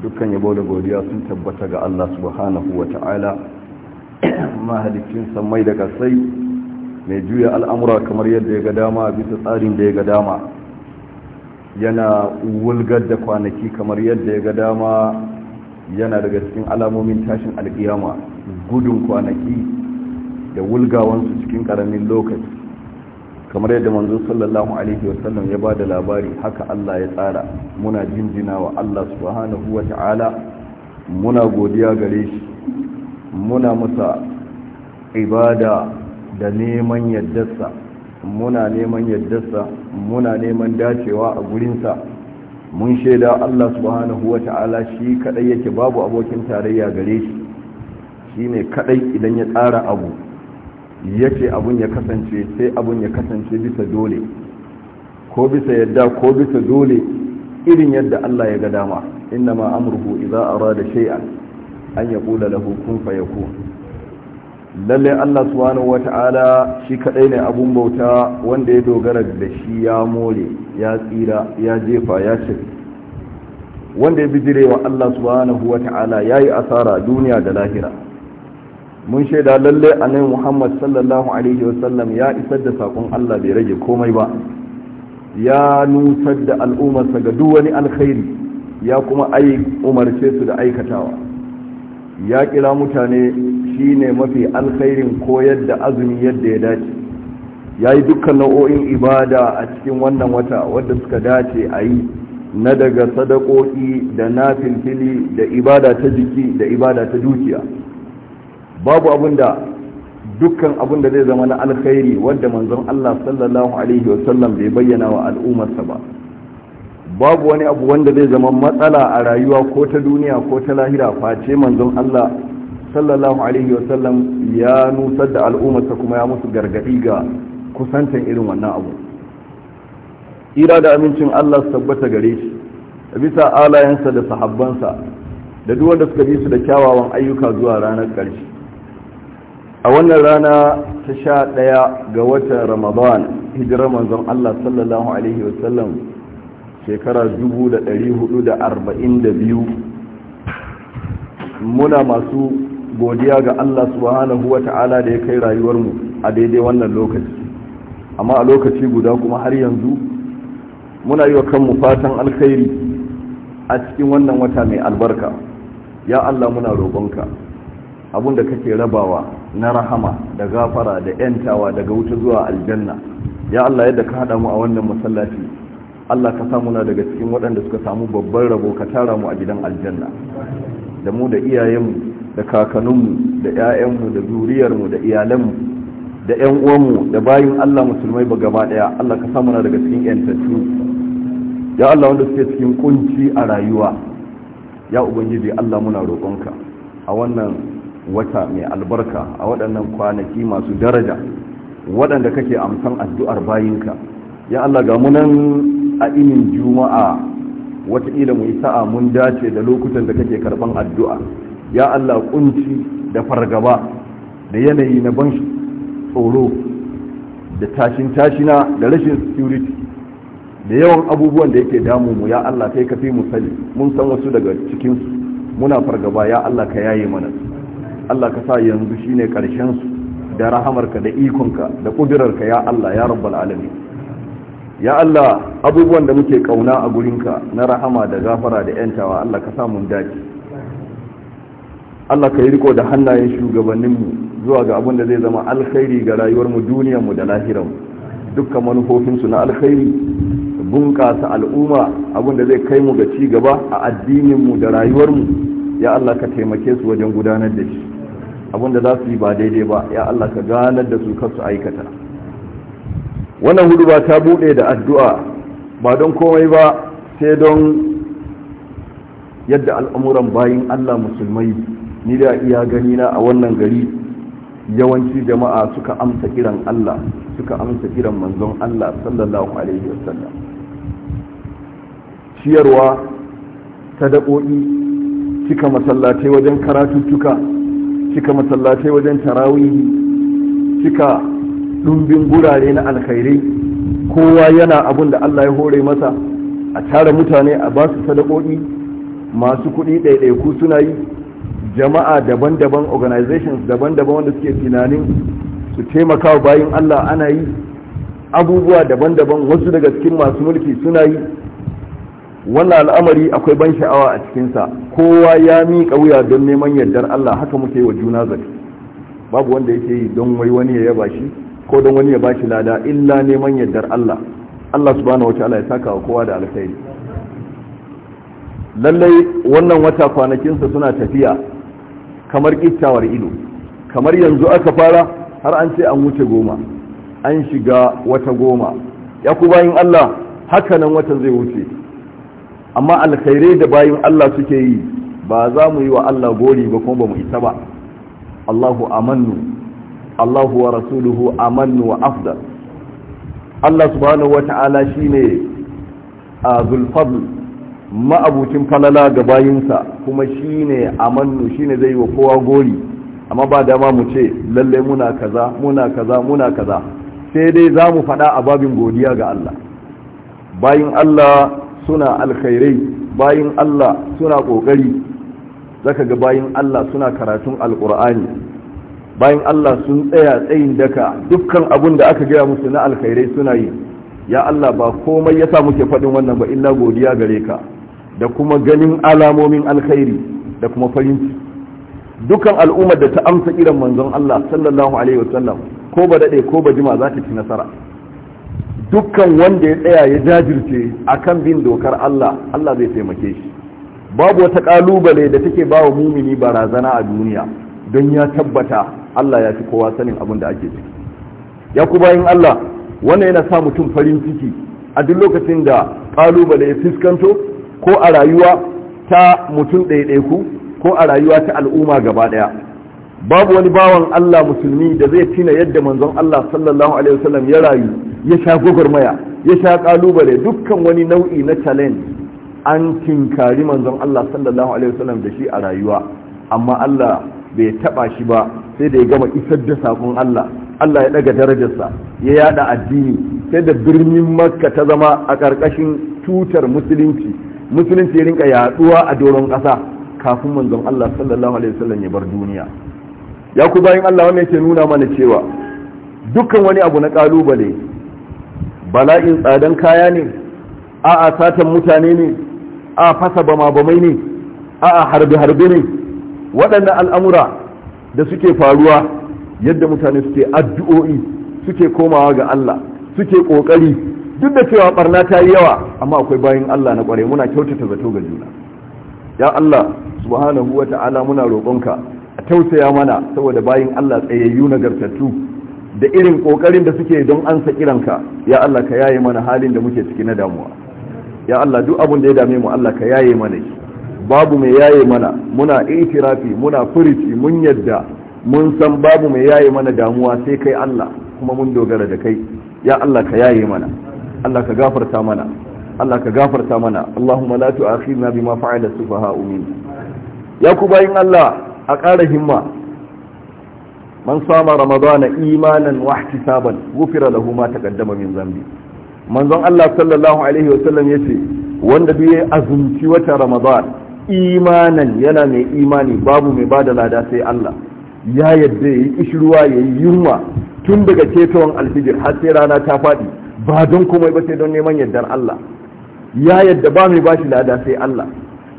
dukkan yabo da godiya sun tabbata ga Allah subhanahu wa ta'ala mai samai da kasai mai juya al'amura kamar yadda ya ga dama bisa tsarin da ya ga dama yana wulgar da kwanaki kamar yadda ya ga dama yana daga cikin alamomin tashin alkiyama gudun kwanaki da wulgawansu cikin ƙaramin lokaci kamar yadda manzo sallallahu alaihi wasallam ya bada labari haka Allah ya tsara muna jinjina wa Allah subhanahu wata'ala muna godiya gare shi muna masa ibada da neman yaddarsa muna neman yaddarsa muna neman dacewa a gurinsa mun shaida Allah subhanahu wata'ala shi kadai yake babu abokin tarayya gare shi shine kadai idan ya tsara abu ya ce abun ya kasance sai abun ya kasance bisa dole ko bisa yadda ko bisa dole irin yadda Allah ya ga dama inna ma amruhu idza arada shay'an an yaqula lahu kun fayakun lalle Allah subhanahu wata'ala shi kadai ne abun bauta wanda ya dogara da shi ya more ya tsira ya jefa ya ce wanda ya bijirewa Allah subhanahu wata'ala yayi asara duniya da lahira mun shaida lalle annabi Muhammad sallallahu alaihi wasallam ya isar da sakon Allah bai rage komai ba ya nusar da al'ummarsa ga duk wani alkhairi ya kuma ai umarce su da aikatawa ya kira mutane shine mafi alkhairin koyar da azumi yadda ya dace ya yi dukkan nau'o'in ibada a cikin wannan wata wadda suka dace a yi na daga sadakoki da filfili da ibada ta jiki da ibada ta dukiya babu abinda dukkan abin da zai zama na alkhairi wadda manzon Allah sallallahu alaihi wasallam bai bayyana wa al'ummarsa ba babu wani abu wanda zai zama matsala a rayuwa ko ta duniya ko ta lahira face manzon Allah sallallahu alaihi wasallam ya nusar da al'ummarsa kuma ya musu gargadi ga kusantan irin wannan abu ira da amincin Allah tabbata gare shi bisa alayensa da sahabbansa da duk wanda suka bi su da kyawawan ayyuka zuwa ranar karshe a wannan rana ta sha ɗaya ga watan ramadan hijira, manzon Allah sallallahu Alaihi wasallam shekara 1442 muna masu godiya ga Allah subhanahu wa ta'ala da ya kai rayuwarmu a daidai wannan lokaci amma a lokaci guda kuma har yanzu muna yi wa kanmu fatan alkhairi a cikin wannan wata mai albarka ya Allah muna roƙonka abinda kake rabawa na rahama da gafara da yantawa daga wuta zuwa aljanna ya Allah yadda ka haɗa mu a wannan masallaci Allah ka samu na daga cikin waɗanda suka samu babban rabo ka tara mu a gidan aljanna da mu da iyayenmu da kakanninmu da ƴaƴanmu da zuriyarmu da iyalanmu da ƴan da bayin Allah musulmai ba gaba ɗaya Allah ka samu na daga cikin yantattu ya Allah wanda suke cikin kunci a rayuwa ya ubangiji Allah muna roƙonka a wannan wata mai albarka a waɗannan kwanaki masu daraja waɗanda kake amsan addu'ar bayinka ya Allah ga munan a inin juma'a wataƙila mu yi sa'a mun dace da lokutan da kake karɓan addu'a ya Allah kunci da fargaba da yanayi na ban tsoro da tashin tashina da rashin security da yawan abubuwan da yake damu mu ya Allah kai ka fi mu sani mun san wasu daga cikinsu muna fargaba ya Allah ka yaye mana su Allah ka sa yanzu shine karshen su da rahamarka da ikonka da kudurarka ya Allah ya rabbal alamin ya Allah abubuwan da muke ƙauna a gurinka na rahama da gafara da yantawa Allah ka sa mun Allah ka yi riko da hannayen shugabanninmu zuwa ga abin da zai zama alkhairi ga rayuwarmu duniyarmu da lahiran, duka manufofinsu na alkhairi bunƙasa al'umma abin da zai kai mu ga ci gaba a addininmu da rayuwarmu ya Allah ka taimake su wajen gudanar da shi abinda za su yi ba daidai ba ya Allah ka ganar da su kasu aikata wannan hudu ba ta bude da addu'a ba don komai ba sai don yadda al'amuran bayin Allah musulmai ni da iya gani na a wannan gari yawanci jama'a suka amsa kiran Allah suka amsa kiran manzon Allah sallallahu alaihi wasallam ciyarwa sadakoki cika masallatai wajen karatuttuka cika masallatai wajen tarawihi cika ɗumbin gurare na alkhairai kowa yana abun da Allah ya hore masa a tara mutane a ba su sadakoki masu kuɗi ku suna yi jama'a daban-daban organizations daban-daban wanda suke tunanin su taimaka bayan Allah ana yi abubuwa daban-daban wasu daga cikin masu mulki suna yi wannan al'amari akwai ban sha'awa a cikinsa kowa ya miƙa wuya don neman yardar Allah haka muke wa juna zaki babu wanda yake yi don wai wani ya yaba shi ko don wani ya ba shi lada illa neman yardar Allah Allah subhanahu wa ta'ala ya saka wa kowa da alkhairi lallai wannan wata kwanakinsa suna tafiya kamar kittawar ido kamar yanzu aka fara har an ce an wuce goma an shiga wata goma ya ku bayin Allah haka nan watan zai wuce amma alkhairai da bayin Allah suke yi ba za mu yi wa Allah gori ba kuma ba mu isa ba Allahu amannu Allahu wa rasuluhu amannu wa afdal Allah subhanahu wata'ala shine azul fadl ma'abucin falala ga bayinsa kuma shine amannu shine zai wa kowa gori amma ba dama mu ce lalle muna kaza muna kaza muna kaza sai dai za mu faɗa a babin godiya ga Allah bayin Allah suna alkhairai bayin Allah suna kokari zaka ga bayin Allah suna karatun alkur'ani bayin Allah sun tsaya tsayin daka dukkan abun da aka gaya musu na alkhairai suna yi ya Allah ba komai yasa muke faɗin wannan ba illa godiya gare ka da kuma ganin alamomin alkhairi da kuma farin Dukkan al'ummar da ta amsa irin manzon Allah sallallahu alaihi wasallam ko ba dade ko ba jima za ta ci nasara dukkan wanda ya tsaya ya jajirce akan bin dokar Allah Allah zai taimake shi babu wata kalubale da take ba wa mumini barazana a duniya don ya tabbata Allah ya fi kowa sanin abin da ake ciki ya ku bayin Allah wannan yana sa mutum farin ciki a duk lokacin da kalubale ya fuskanto ko a rayuwa ta mutum ɗaiɗaiku ko a rayuwa ta al'umma gaba ɗaya babu wani bawan Allah musulmi da zai tina yadda manzon Allah sallallahu alaihi wasallam ya rayu ya sha gwagwarmaya ya sha kalubale dukkan wani nau'i na challenge an tinkari manzon Allah sallallahu alaihi wasallam da shi a rayuwa amma Allah bai taba shi ba sai da ya gama isar da sakon Allah Allah ya daga darajarsa ya yada addini sai da birnin Makka ta zama a karkashin tutar musulunci musulunci ya rinka yaduwa a doron kasa kafin manzon Allah sallallahu alaihi wasallam ya bar duniya ya ku bayin Allah wannan yake nuna mana cewa dukkan wani abu na kalubale bala'in tsadan kaya ne a satan mutane ne a fasa bama bamai ne a harbe harbe ne waɗannan al'amura da suke faruwa yadda mutane suke addu'o'i suke komawa ga Allah suke ƙoƙari duk da cewa barna ta yi yawa amma akwai bayan Allah na ƙware muna kyautata zato ga juna ya Allah subhanahu wa ta'ala muna roƙonka a tausaya mana saboda bayan Allah tsayayyu nagartattu da irin kokarin da suke don ansa kiranka ya Allah ka yaye mana halin da muke ciki na damuwa ya Allah duk abin da ya dame mu Allah ka yaye mana shi babu mai yaye mana muna itirafi muna furici mun yadda mun san babu mai yaye mana damuwa sai kai Allah kuma mun dogara da kai ya Allah ka yaye mana Allah ka gafarta mana Allah ka gafarta mana Allahumma la tu'akhidna bima fa'ala sufaha'u min ya ku bayin Allah a ƙara himma man sama ramadana imanan wa ihtisaban gufira lahu ma taqaddama min zambi manzon Allah sallallahu alaihi wasallam yace wanda duk ya azumci wata ramadan imanan yana mai imani babu mai bada lada sai Allah ya yadda yayi kishruwa yayi yunwa tun daga ceton alfijir har sai rana ta fadi ba don komai ba sai don neman yardar Allah ya yadda ba mai bashi lada sai Allah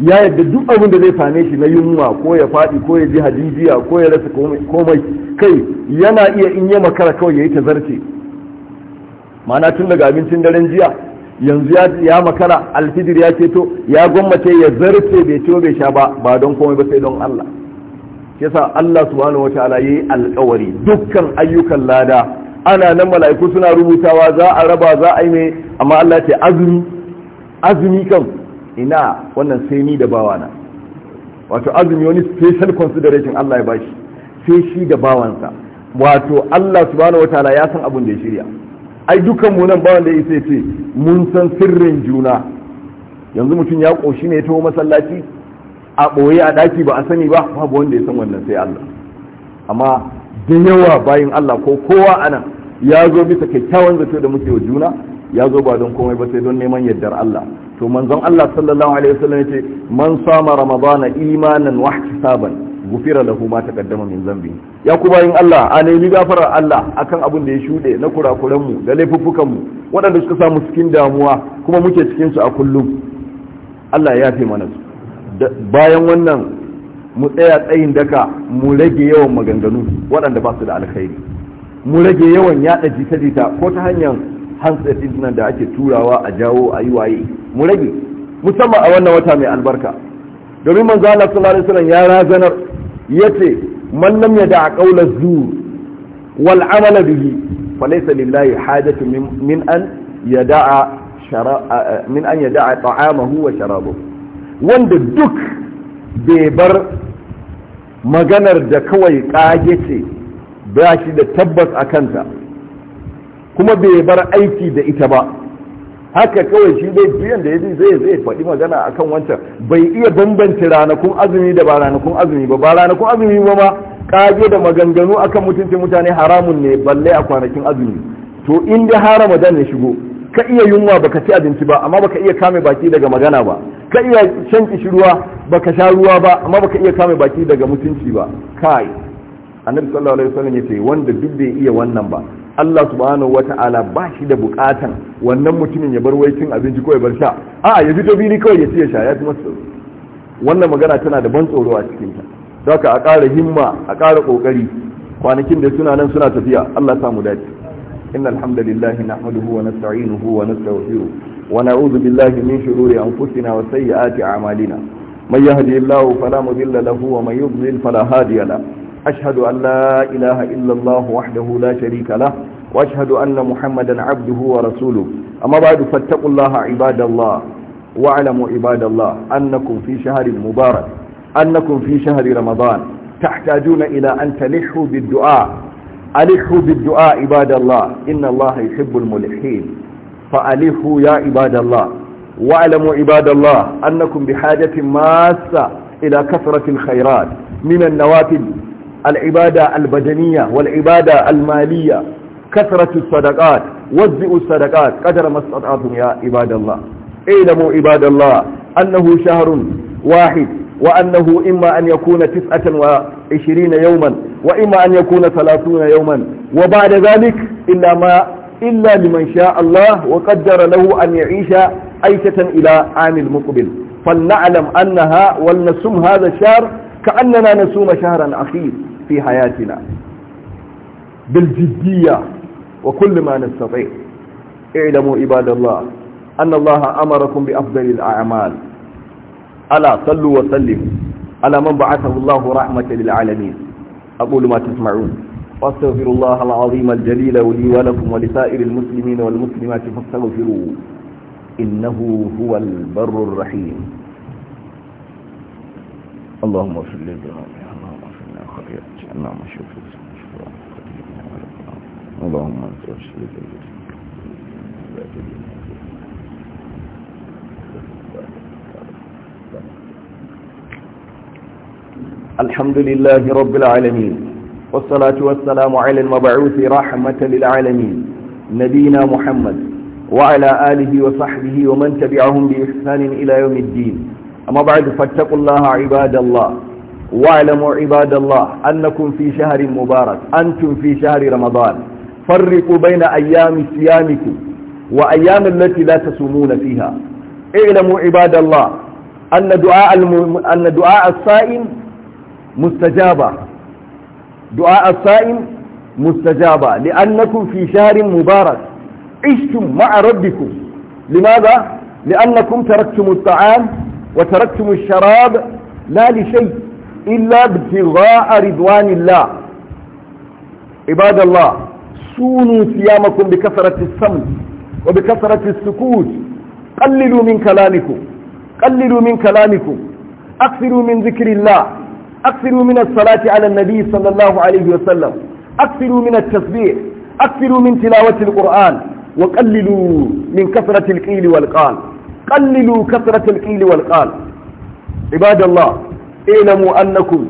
ya yadda duk abin da zai same shi na yunwa ko ya faɗi ko ya ji hajijiya ko ya rasa komai kai yana iya in ya makara kawai ya yi ta zarce mana tun daga abincin daren jiya yanzu ya makara alfidir ya ceto ya gwammace ya zarce bai ciwo bai sha ba ba don komai ba sai don Allah yasa Allah subhanahu wataala yayi alƙawari dukkan ayyukan lada ana nan mala'iku suna rubutawa za a raba za a yi mai amma Allah ce azumi azumi kan ina wannan sai ni da bawana wato azumi wani special consideration Allah ya bashi sai shi da bawansa wato Allah subhanahu wataala ya san abin da ya shirya ai dukan mu nan bawan da yake ce mun san sirrin juna yanzu mutum ya koshi ne ya taho masallaci a boye a daki ba a sani ba babu wanda ya san wannan sai Allah amma da yawa bayin Allah ko kowa anan ya zo bisa kyakkyawan zato da muke wa juna ya zo ba don komai ba sai don neman yardar Allah to manzon Allah sallallahu alaihi wasallam yace man sama ramadana imanan wa ihtisaban gufira lahu ma taqaddama min zambi ya ku yin Allah a nemi gafarar Allah akan abin da ya shude na kurakuran mu da laifuffukan mu waɗanda suka samu cikin damuwa kuma muke cikin su a kullum Allah ya fi mana su bayan wannan mu tsaya tsayin daka mu rage yawan maganganu waɗanda ba su da alkhairi mu rage yawan yaɗa jita-jita ko ta hanyar handset din nan da ake turawa a jawo a yi waye mu rage musamman a wannan wata mai albarka domin manzo Allah sallallahu alaihi ya razanar yace man lam yada qawla zur wal amal bihi falaysa lillahi hajatu min an yada'a min an yada'a ta'amahu wa sharabahu wanda duk bai bar maganar da kawai kage ce ba shi da tabbas a kanta kuma bai bar aiki da ita ba haka kawai shi dai biyan da ya zai zai faɗi magana akan wancan bai iya bambanci ranakun azumi da ba ranakun azumi ba ba ranakun azumi ba ma kage da maganganu akan mutuncin mutane haramun ne balle a kwanakin azumi to in da har ramadan ya shigo ka iya yunwa baka ci abinci ba amma baka iya kame baki daga magana ba ka iya shan kishirwa baka sha ruwa ba amma baka iya kame baki daga mutunci ba kai annabi sallallahu alaihi wasallam yace wanda duk bai iya wannan ba Allah subhanahu wata'ala ba shi da bukatan wannan mutumin ya bar waicin abinci ko ya bar sha a ya fito bili kawai ya ci ya sha ya fi masu wannan magana tana da ban tsoro a cikin ta za ka a ƙara himma a ƙara ƙoƙari kwanakin da suna nan suna tafiya Allah sa mu dace inna alhamdulillah nahmaduhu wa nasta'inuhu wa nastaghfiruh wa na'udhu billahi min shururi anfusina wa sayyiati a'malina man yahdihillahu fala mudilla lahu wa man yudlil fala hadiyala أشهد أن لا إله إلا الله وحده لا شريك له وأشهد أن محمدا عبده ورسوله أما بعد فاتقوا الله عباد الله واعلموا عباد الله أنكم في شهر مبارك أنكم في شهر رمضان تحتاجون إلى أن تلحوا بالدعاء ألحوا بالدعاء عباد الله إن الله يحب الملحين فألحوا يا عباد الله واعلموا عباد الله أنكم بحاجة ماسة إلى كثرة الخيرات من النوافل العبادة البدنية والعبادة المالية كثرة الصدقات وزئوا الصدقات قدر ما استطعتم يا عباد الله اعلموا عباد الله أنه شهر واحد وأنه إما أن يكون تسعة وعشرين يوما وإما أن يكون ثلاثون يوما وبعد ذلك إلا ما إلا لمن شاء الله وقدر له أن يعيش عيشة إلى عام المقبل فلنعلم أنها ولنسم هذا الشهر كأننا نسوم شهرا أخير في حياتنا بالجدية وكل ما نستطيع اعلموا عباد الله أن الله أمركم بأفضل الأعمال ألا صلوا وسلموا على من بعثه الله رحمة للعالمين أقول ما تسمعون واستغفر الله العظيم الجليل لي ولكم ولسائر المسلمين والمسلمات فاستغفروه إنه هو البر الرحيم اللهم صل وسلم اللهم شوف اللهم انت الحمد لله رب العالمين والصلاة والسلام على المبعوث رحمة للعالمين نبينا محمد وعلى آله وصحبه ومن تبعهم بإحسان إلى يوم الدين أما بعد فاتقوا الله عباد الله واعلموا عباد الله أنكم في شهر مبارك أنتم في شهر رمضان فرقوا بين أيام صيامكم وأيام التي لا تصومون فيها اعلموا عباد الله أن دعاء, الم... أن دعاء الصائم مستجابة دعاء الصائم مستجابة لأنكم في شهر مبارك عشتم مع ربكم لماذا؟ لأنكم تركتم الطعام وتركتم الشراب لا لشيء إلا ابتغاء رضوان الله عباد الله سونوا صيامكم بكثرة الصمت وبكثرة السكوت قللوا من كلامكم قللوا من كلامكم أكثروا من ذكر الله أكثروا من الصلاة على النبي صلى الله عليه وسلم أكثروا من التسبيح أكثروا من تلاوة القرآن وقللوا من كثرة القيل والقال قللوا كثرة القيل والقال عباد الله اعلموا أنكم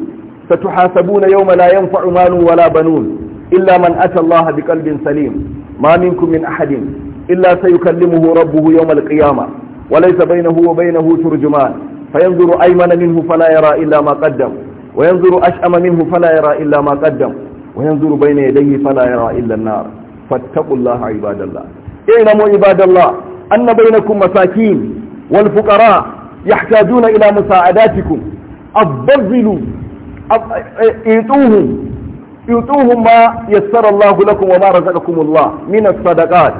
ستحاسبون يوم لا ينفع مال ولا بنون إلا من أتى الله بقلب سليم ما منكم من أحد إلا سيكلمه ربه يوم القيامة وليس بينه وبينه ترجمان فينظر أيمن منه فلا يرى إلا ما قدم وينظر أشأم منه فلا يرى إلا ما قدم وينظر بين يديه فلا يرى إلا النار فاتقوا الله عباد الله اعلموا عباد الله أن بينكم مساكين والفقراء يحتاجون إلى مساعداتكم الضللوا ايتوهم ايتوهم ما يسر الله لكم وما رزقكم الله من الصدقات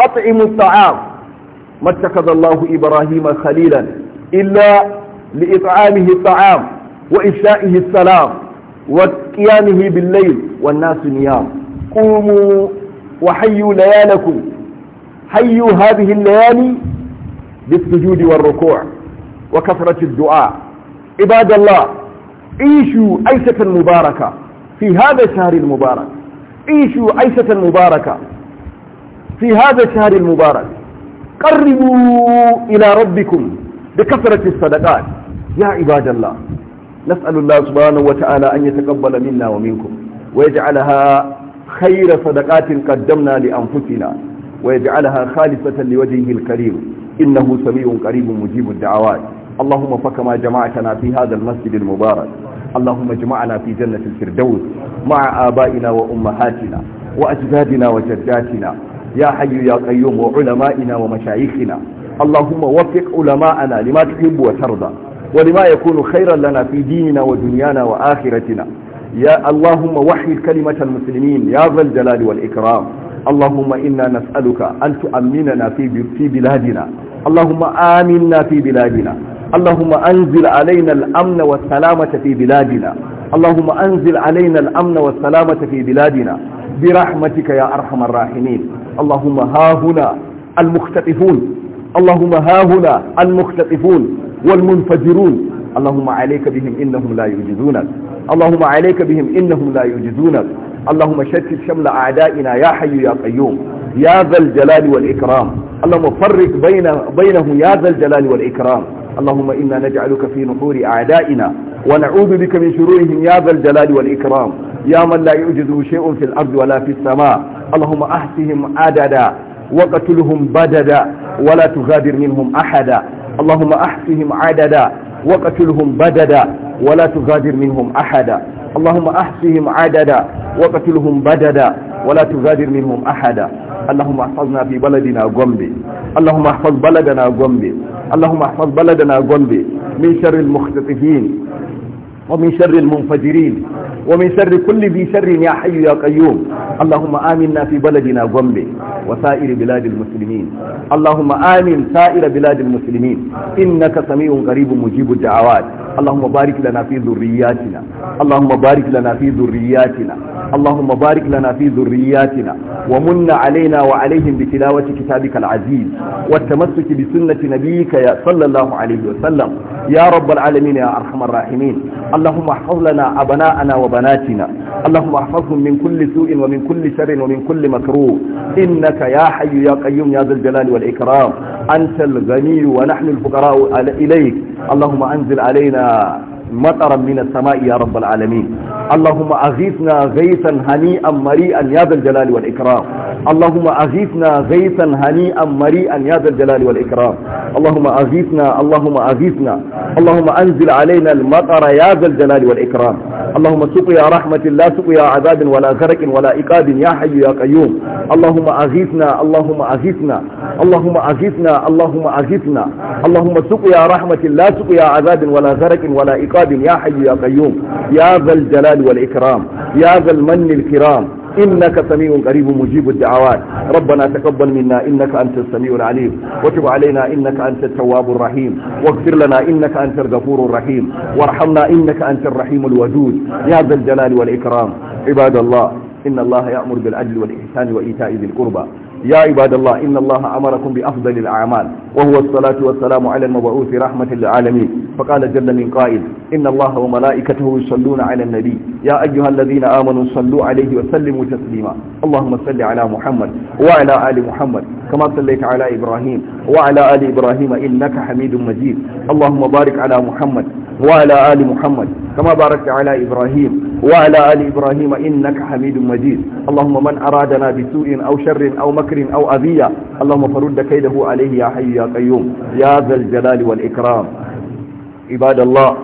اطعموا الطعام ما اتخذ الله ابراهيم خليلا الا لاطعامه الطعام وإشائه السلام وقيامه بالليل والناس نيام قوموا وحيوا ليالكم حيوا هذه الليالي بالسجود والركوع وكثرة الدعاء عباد الله عيشوا عيشة مباركة في هذا الشهر المبارك عيشوا عيشة مباركة في هذا الشهر المبارك قربوا إلى ربكم بكثرة الصدقات يا عباد الله نسأل الله سبحانه وتعالى أن يتقبل منا ومنكم ويجعلها خير صدقات قدمنا لأنفسنا ويجعلها خالصة لوجهه الكريم إنه سميع قريب مجيب الدعوات اللهم فكما جمعتنا في هذا المسجد المبارك اللهم اجمعنا في جنة الفردوس مع آبائنا وأمهاتنا وأجدادنا وجداتنا يا حي يا قيوم وعلمائنا ومشايخنا اللهم وفق علماءنا لما تحب وترضى ولما يكون خيرا لنا في ديننا ودنيانا وآخرتنا يا اللهم وحي كلمة المسلمين يا ذا الجلال والإكرام اللهم إنا نسألك أن تؤمننا في بلادنا اللهم آمنا في بلادنا اللهم أنزل علينا الأمن والسلامة في بلادنا اللهم أنزل علينا الأمن والسلامة في بلادنا برحمتك يا أرحم الراحمين اللهم ها هنا المختطفون اللهم ها هنا المختطفون والمنفجرون اللهم عليك بهم إنهم لا يجدونك اللهم عليك بهم إنهم لا يجدونك اللهم شتت شمل أعدائنا يا حي يا قيوم يا ذا الجلال والإكرام اللهم فرق بين بينهم يا ذا الجلال والإكرام اللهم إنا نجعلك في نحور أعدائنا ونعوذ بك من شرورهم يا ذا الجلال والإكرام يا من لا يعجزه شيء في الأرض ولا في السماء اللهم أحسهم عددا وقتلهم بددا ولا تغادر منهم أحدا اللهم أحسهم عددا وقتلهم بددا ولا تغادر منهم أحدا اللهم أحسهم عددا وقتلهم بددا ولا تغادر منهم أحدا اللهم احفظنا في بلدنا غومبي اللهم احفظ بلدنا غومبي اللهم احفظ بلدنا غومبي من شر المختطفين ومن شر المنفجرين ومن شر كل ذي شر يا حي يا قيوم اللهم آمنا في بلدنا غومبي وسائر بلاد المسلمين اللهم آمن سائر بلاد المسلمين إنك سميع قريب مجيب الدعوات اللهم بارك لنا في ذرياتنا اللهم بارك لنا في ذرياتنا اللهم بارك لنا في ذرياتنا ومن علينا وعليهم بتلاوة كتابك العزيز والتمسك بسنة نبيك يا صلى الله عليه وسلم يا رب العالمين يا أرحم الراحمين اللهم احفظ لنا أبناءنا وبناتنا اللهم احفظهم من كل سوء ومن كل شر ومن كل مكروه إنك يا حي يا قيوم يا ذا الجلال والإكرام أنت الغني ونحن الفقراء إليك اللهم أنزل علينا مطرا من السماء يا رب العالمين اللهم أغيثنا غيثا هنيئا مريئا يا ذا الجلال والإكرام اللهم أغيثنا غيثا هنيئا مريئا يا ذا الجلال والإكرام اللهم أغيثنا اللهم أغيثنا اللهم أنزل علينا المطر يا ذا الجلال والإكرام اللهم سقيا رحمة لا سقيا عذاب ولا غرق ولا إقاب يا حي يا قيوم اللهم أغيثنا اللهم أغيثنا اللهم أغيثنا اللهم أغيثنا اللهم سقيا رحمة لا سقيا عذاب ولا غرق ولا إقاب يا حي يا قيوم يا ذا الجلال والإكرام يا ذا المن الكرام إنك سميع قريب مجيب الدعوات ربنا تقبل منا إنك أنت السميع العليم وتب علينا إنك أنت التواب الرحيم واغفر لنا إنك أنت الغفور الرحيم وارحمنا إنك أنت الرحيم الودود يا ذا الجلال والإكرام عباد الله إن الله يأمر بالعدل والإحسان وإيتاء ذي القربى يا عباد الله إن الله أمركم بأفضل الأعمال وهو الصلاة والسلام على المبعوث رحمة للعالمين فقال جل من قائل إن الله وملائكته يصلون على النبي يا أيها الذين آمنوا صلوا عليه وسلموا تسليما اللهم صل على محمد وعلى آل محمد كما صليت على إبراهيم وعلى آل إبراهيم إنك حميد مجيد اللهم بارك على محمد وعلى آل محمد كما باركت على إبراهيم وعلى آل إبراهيم إنك حميد مجيد اللهم من أرادنا بسوء أو شر أو مكر أو أذية اللهم فرد كيده عليه يا حي يا قيوم يا ذا الجلال والإكرام عباد الله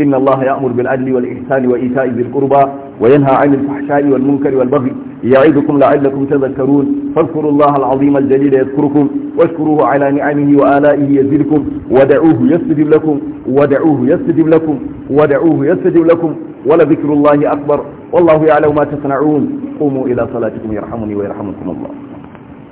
إن الله يأمر بالعدل والإحسان وإيتاء ذي القربى وينهى عن الفحشاء والمنكر والبغي يعيدكم لعلكم تذكرون فاذكروا الله العظيم الجليل يذكركم واشكروه على نعمه وآلائه يزدكم ودعوه يستجب لكم ودعوه يستجب لكم ودعوه يستجب لكم ولذكر الله أكبر والله يعلم ما تصنعون قوموا إلى صلاتكم يرحمني ويرحمكم الله